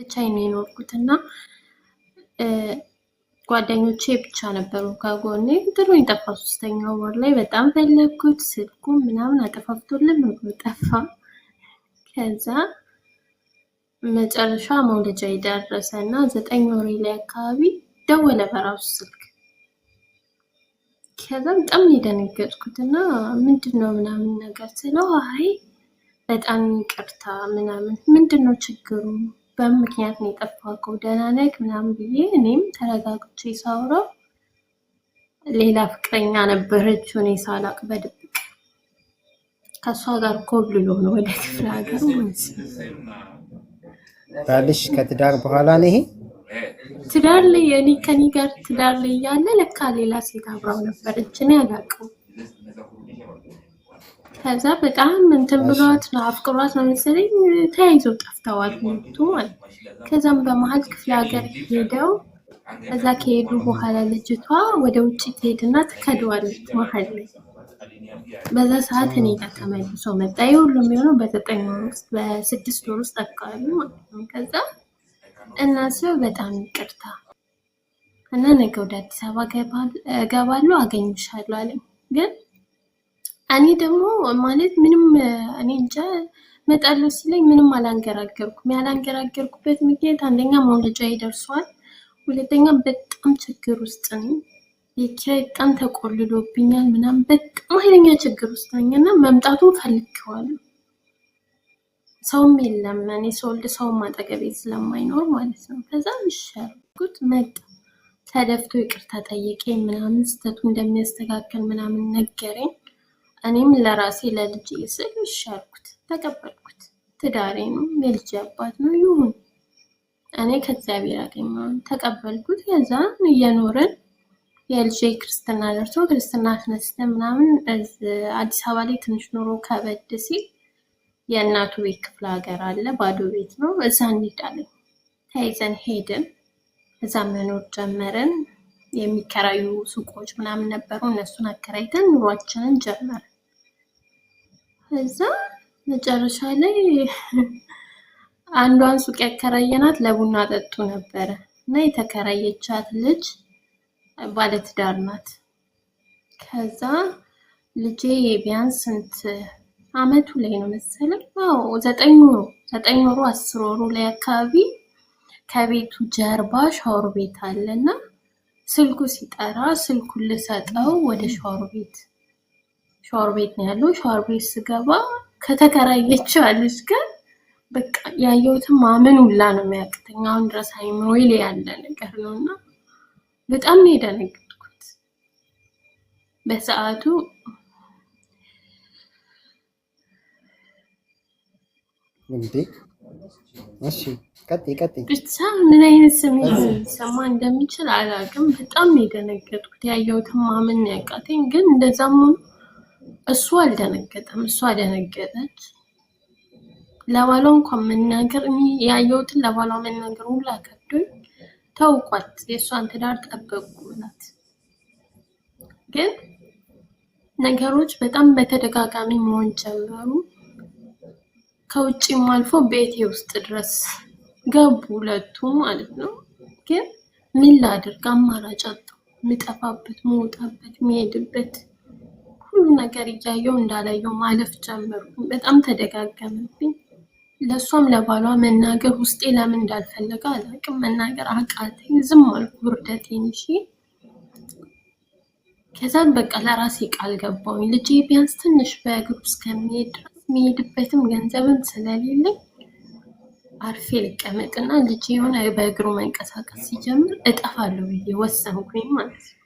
ብቻዬን ነው የኖርኩት እና ጓደኞቼ ብቻ ነበሩ ከጎኔ። ጥሎኝ ጠፋ። ሶስተኛው ወር ላይ በጣም ፈለግኩት። ስልኩ ምናምን አጠፋፍቶልን ጠፋ። ከዛ መጨረሻ መውለጃ የደረሰ እና ዘጠኝ ወሬ ላይ አካባቢ ደወለ በራሱ ስልክ። ከዛ በጣም የደነገጥኩት እና ምንድን ነው ምናምን ነገር ስለው አይ በጣም ይቅርታ ምናምን ምንድን ነው ችግሩ በምን ምክንያት ነው የጠፋከው? እኮ ደህና ነህ ምናምን ብዬ እኔም ተረጋግቼ ሳውራው ሌላ ፍቅረኛ ነበረች እኔ ሳላቅ በድብቅ ከእሷ ጋር ኮብልሎ ነው ወደ ክፍለ ሀገር ባልሽ ከትዳር በኋላ ነው ይሄ ትዳር ላይ እኔ ከኔ ጋር ትዳር ላይ እያለ ለካ ሌላ ሴት አብራው ነበረች እኔ አላውቅም። ከዛ በጣም እንትን ብሏት ነው አፍቅሯት ነው መሰለኝ ተያይዘው ጠፍተዋል ሁለቱ ማለት ከዛም በመሀል ክፍለ ሀገር ሄደው ከዛ ከሄዱ በኋላ ልጅቷ ወደ ውጭ ትሄድና ትከደዋለች መሀል ላይ በዛ ሰዓት እኔ ጋር ተመልሶ መጣ ይህ ሁሉ የሚሆነው በዘጠኝ ወር ውስጥ በስድስት ወር ውስጥ አካባቢ ማለት ነው ከዛ እናስ በጣም ይቅርታ እና ነገ ወደ አዲስ አበባ እገባለሁ አገኝሻለሁ አለኝ ግን እኔ ደግሞ ማለት ምንም እኔ እንጃ መጣሉ ሲለኝ ምንም አላንገራገርኩም። ያላንገራገርኩበት ምክንያት አንደኛ መውለጃ ይደርሷል፣ ሁለተኛ በጣም ችግር ውስጥ ነኝ። የኪራይ በጣም ተቆልሎብኛል ምናምን በጣም ኃይለኛ ችግር ውስጥ ነኝ እና መምጣቱን ፈልጌዋለሁ። ሰውም የለም እኔ ሰውልድ ሰውም አጠገቤ ስለማይኖር ማለት ነው። ከዛ ምሸርጉት መጣ ተደፍቶ ይቅርታ ጠየቀኝ ምናምን ስተቱ እንደሚያስተካከል ምናምን ነገረኝ። እኔም ለራሴ ለልጄ ስል ይሻልኩት ተቀበልኩት ተቀበልኩት። ትዳሬንም የልጄ አባት ነው ይሁን እኔ ከእግዚአብሔር አገኘውን ተቀበልኩት። የዛን እየኖርን የልጄ ክርስትና ደርሶ ክርስትና አስነስተን ምናምን አዲስ አበባ ላይ ትንሽ ኑሮ ከበድ ሲል የእናቱ ቤት ክፍለ ሀገር አለ፣ ባዶ ቤት ነው። እዛ እንሄዳለን። ተይዘን ሄድን። እዛ መኖር ጀመርን። የሚከራዩ ሱቆች ምናምን ነበሩ። እነሱን አከራይተን ኑሯችንን ጀመርን። እዛ መጨረሻ ላይ አንዷን ሱቅ ያከራየናት ለቡና ጠጡ ነበረ እና የተከራየቻት ልጅ ባለትዳር ናት። ከዛ ልጄ ቢያንስ ስንት አመቱ ላይ ነው መሰለኝ? አዎ ዘጠኝ ወሩ ዘጠኝ ወሩ አስር ወሩ ላይ አካባቢ ከቤቱ ጀርባ ሻወር ቤት አለና ስልኩ ሲጠራ ስልኩን ልሰጠው ወደ ሻወር ቤት ሻወር ቤት ነው ያለው። ሻወር ቤት ስገባ ከተከራየችው ልጅ ጋር በቃ ያየሁትን ማመን ሁላ ነው የሚያቅተኝ። አሁን ድረስ አይምሮ ይል ያለ ነገር ነው እና በጣም ነው የደነገጥኩት በሰዓቱ። ብቻ ምን አይነት ስሜት ሊሰማ እንደሚችል አላውቅም። በጣም ነው የደነገጥኩት። ያየሁትን ማመን ያቃተኝ። ግን እንደዛም ሆኖ እሱ አልደነገጠም፣ እሷ አደነገጠች። ለባሏ እንኳን መናገር ያየሁትን ለባሏ መናገር ሁላ ከብዶኝ ተውኳት። የእሷን ትዳር ጠበቁላት። ግን ነገሮች በጣም በተደጋጋሚ መሆን ጀመሩ። ከውጭም አልፎ ቤቴ ውስጥ ድረስ ገቡ፣ ሁለቱ ማለት ነው። ግን ምን ላድርግ? አማራጭ አጣሁ። የምጠፋበት፣ የምወጣበት፣ የምሄድበት ነገር እያየው እንዳላየው ማለፍ ጀምሩ። በጣም ተደጋገመብኝ። ለእሷም ለባሏ መናገር ውስጤ ለምን እንዳልፈለገ አላውቅም። መናገር አቃተኝ። ዝም አልኩ ውርደቴን። እሺ ከዛም በቃ ለራሴ ቃል ገባውኝ ልጄ ቢያንስ ትንሽ በእግሩ እስከሚሄድ ድረስ የሚሄድበትም ገንዘብም ስለሌለኝ አርፌ ልቀመጥና ልጅ የሆነ በእግሩ መንቀሳቀስ ሲጀምር እጠፋለሁ ብዬ ወሰንኩኝ ማለት ነው።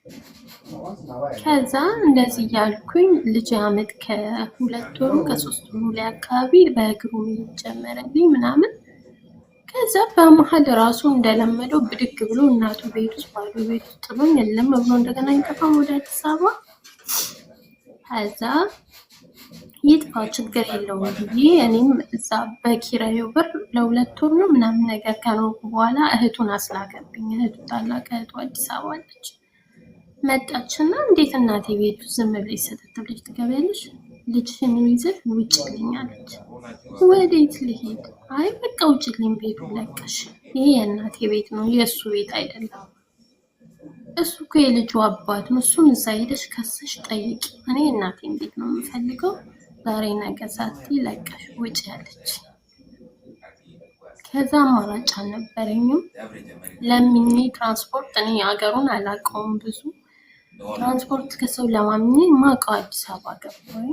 ከዛ እንደዚህ እያልኩኝ ልጅ አመት ከሁለት ወሩ ከሶስት ወሩ ላይ አካባቢ በእግሩ መሄድ ጀመረልኝ ምናምን። ከዛ በመሀል ራሱ እንደለመደው ብድግ ብሎ እናቱ ቤት ውስጥ ባሉ ቤት ውስጥ ጥሎኝ የለም ብሎ እንደገና ይጠፋም ወደ አዲስ አበባ ከዛ ይጥፋ ችግር የለውም ብዬ እኔም እዛ በኪራዩ ብር ለሁለት ወር ነው ምናምን ነገር ከኖርኩ በኋላ እህቱን አስላከብኝ። እህቱ ታላቅ እህቱ አዲስ አበባ አለች። መጣችና እንዴት እናቴ ቤቱ ዝም ብለሽ ሰተት ብለሽ ትገቢያለሽ? ልጅሽን ይዘሽ አለች። ወዴት ልሄድ? አይ በቃ ልኝ ቤቱ ለቀሽ። ይሄ የእናቴ ቤት ነው የእሱ ቤት አይደለም። እሱ እኮ የልጁ አባት ነው። እሱን እዛ ሄደሽ ከሰሽ ጠይቂ። እኔ እናቴን ቤት ነው የምፈልገው ዛሬ ነገ ሳትይ ለቀሽ ውጭ ያለች። ከዛ አማራጭ አልነበረኝም። ለምኝ ትራንስፖርት እኔ ሀገሩን አላውቀውም ብዙ ትራንስፖርት ከሰው ለማምኝ ማውቀው አዲስ አበባ ገባኝ።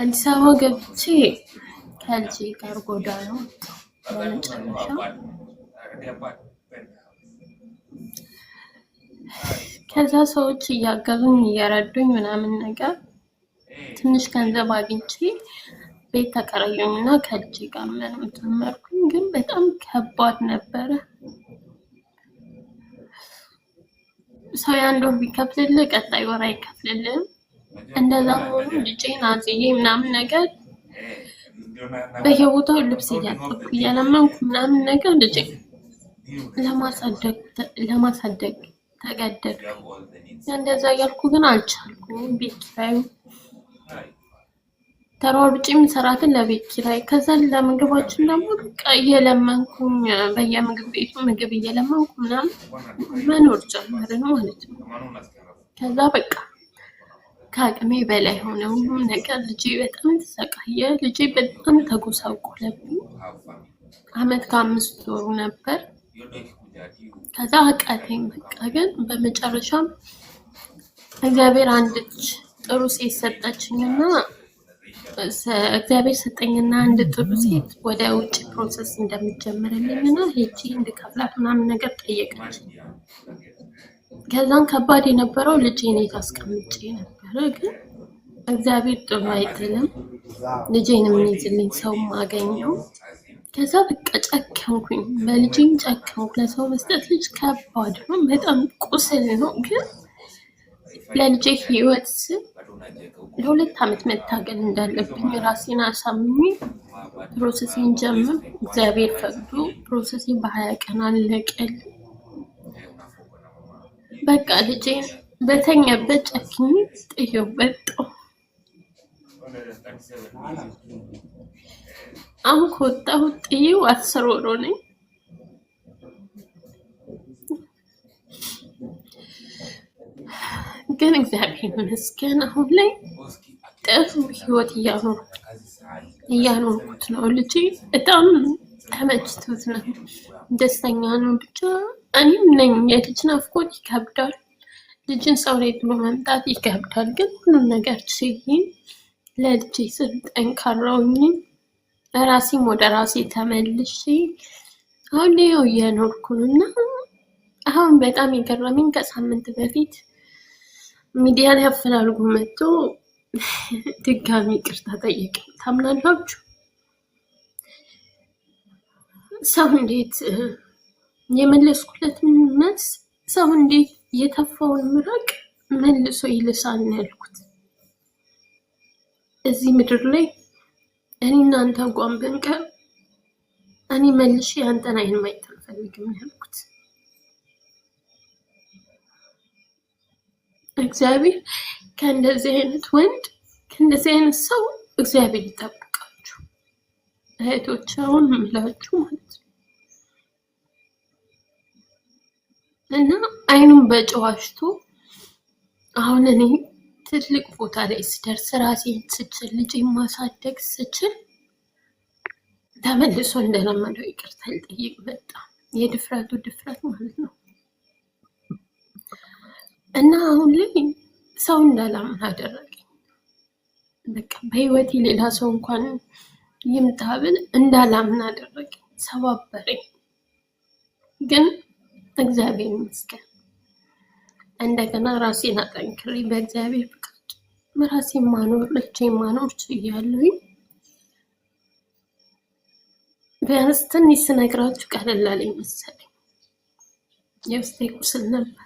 አዲስ አበባ ገብቼ ከልጄ ጋር ነው በመጨረሻ ከዛ ሰዎች እያገዙኝ እየረዱኝ ምናምን ነገር ትንሽ ገንዘብ አግኝቼ ቤት ተከራየሁ እና ከልጄ ጋር መኖር ጀመርኩኝ። ግን በጣም ከባድ ነበረ። ሰው ያንዶ ወር ቢከፍልልህ ቀጣይ ወር አይከፍልልህም። እንደዛ ሆኖ ልጄን አዝዬ ምናምን ነገር በየቦታው ልብስ እያጠብኩ እያለመንኩ ምናምን ነገር ልጄ ለማሳደግ ለማሳደግ ተገደድኩ። እንደዛ እያልኩ ግን አልቻልኩም ቤት ላይ ተሯሩጬም ሰራትን ለቤት ኪራይ ከዛ ለምግባችን ደግሞ በቃ እየለመንኩኝ በየምግብ ቤቱ ምግብ እየለመንኩ ምናምን መኖር ጀመርን ማለት ነው። ከዛ በቃ ከአቅሜ በላይ ሆነ ሁሉም ነገር። ልጅ በጣም ተሰቃየ። ልጅ በጣም ተጎሳቆለብኝ። አመት ከአምስት ወሩ ነበር። ከዛ አቃተኝ በቃ ግን በመጨረሻም እግዚአብሔር አንድች ጥሩ ሴት ሰጠችኝና እግዚአብሔር ሰጠኝና አንድ ጥሩ ሴት ወደ ውጭ ፕሮሰስ እንደምጀምርልኝና ሄጂ እንድከፍላት ምናምን ነገር ጠየቀች። ከዛም ከባድ የነበረው ልጄን የት አስቀምጬ ነበረ ግን እግዚአብሔር ጥሩ አይጥልም። ልጄን የሚይዝልኝ ሰው ማገኘው። ከዛ በቃ ጨከንኩኝ፣ በልጄም ጨከንኩ። ለሰው መስጠት ልጅ ከባድ ነው፣ በጣም ቁስል ነው። ግን ለልጄ ህይወት ስም ለሁለት ዓመት መታገል እንዳለብኝ ራሴን አሳምኝ ፕሮሰሴን ጀምር። እግዚአብሔር ፈቅዶ ፕሮሰሴን በሀያ ቀን አለቀል። በቃ ልጄ በተኛበት ጨክኝ ጥየው በጦ አሁን ከወጣሁ ጥዬው አስር ወሮ ነኝ። ግን እግዚአብሔር ይመስገን አሁን ላይ ጥሩ ህይወት እያኖርኩት ነው። ልጅ በጣም ተመችቶት ነው፣ ደስተኛ ነው። ብቻ እኔም ነኝ የልጅ ናፍቆት ይከብዳል። ልጅን ሰው ላይ ጥሎ መምጣት ይከብዳል። ግን ሁሉም ነገር ችይኝ ለልጅ ስል ጠንካራውኝ ራሴም ወደ ራሴ ተመልሽ አሁን ላይ የኖርኩን እና አሁን በጣም የገረመኝ ከሳምንት በፊት ሚዲያ ላይ አፈላልጎ መጥቶ ድጋሚ ቅርታ ጠየቀ። ታምናላችሁ? ሰው እንዴት የመለስኩለት መልስ ሰው እንዴት የተፋውን ምራቅ መልሶ ይልሳል ነው ያልኩት። እዚህ ምድር ላይ እኔ እናንተ እንኳን ብንቀር እኔ መልሼ አንተን አይን ማየት አልፈልግም ነው ያልኩት። እግዚአብሔር ከእንደዚህ አይነት ወንድ ከእንደዚህ አይነት ሰው እግዚአብሔር ይጠብቃችሁ። እህቶች አሁን ምላችሁ ማለት ነው እና አይኑን በጨዋሽቶ አሁን እኔ ትልቅ ቦታ ላይ ስደርስ ራሴን ስችል ልጅ ማሳደግ ስችል ተመልሶ እንደለመደው ይቅርታ ሊጠይቅ መጣ። የድፍረቱ ድፍረት ማለት ነው። እና አሁን ላይ ሰው እንዳላምን አደረገኝ። በቃ በህይወቴ ሌላ ሰው እንኳን ይምጣ እንዳላምን አደረገኝ፣ ሰባበረኝ። ግን እግዚአብሔር ይመስገን እንደገና ራሴን አጠንክሬ በእግዚአብሔር ፍቃድ ራሴን ማኖር ልቼ ማኖር ችያለሁኝ። ቢያንስ ትንሽ ስነግራችሁ ቀለል አለኝ መሰለኝ። የውስጤ ቁስል ነበር።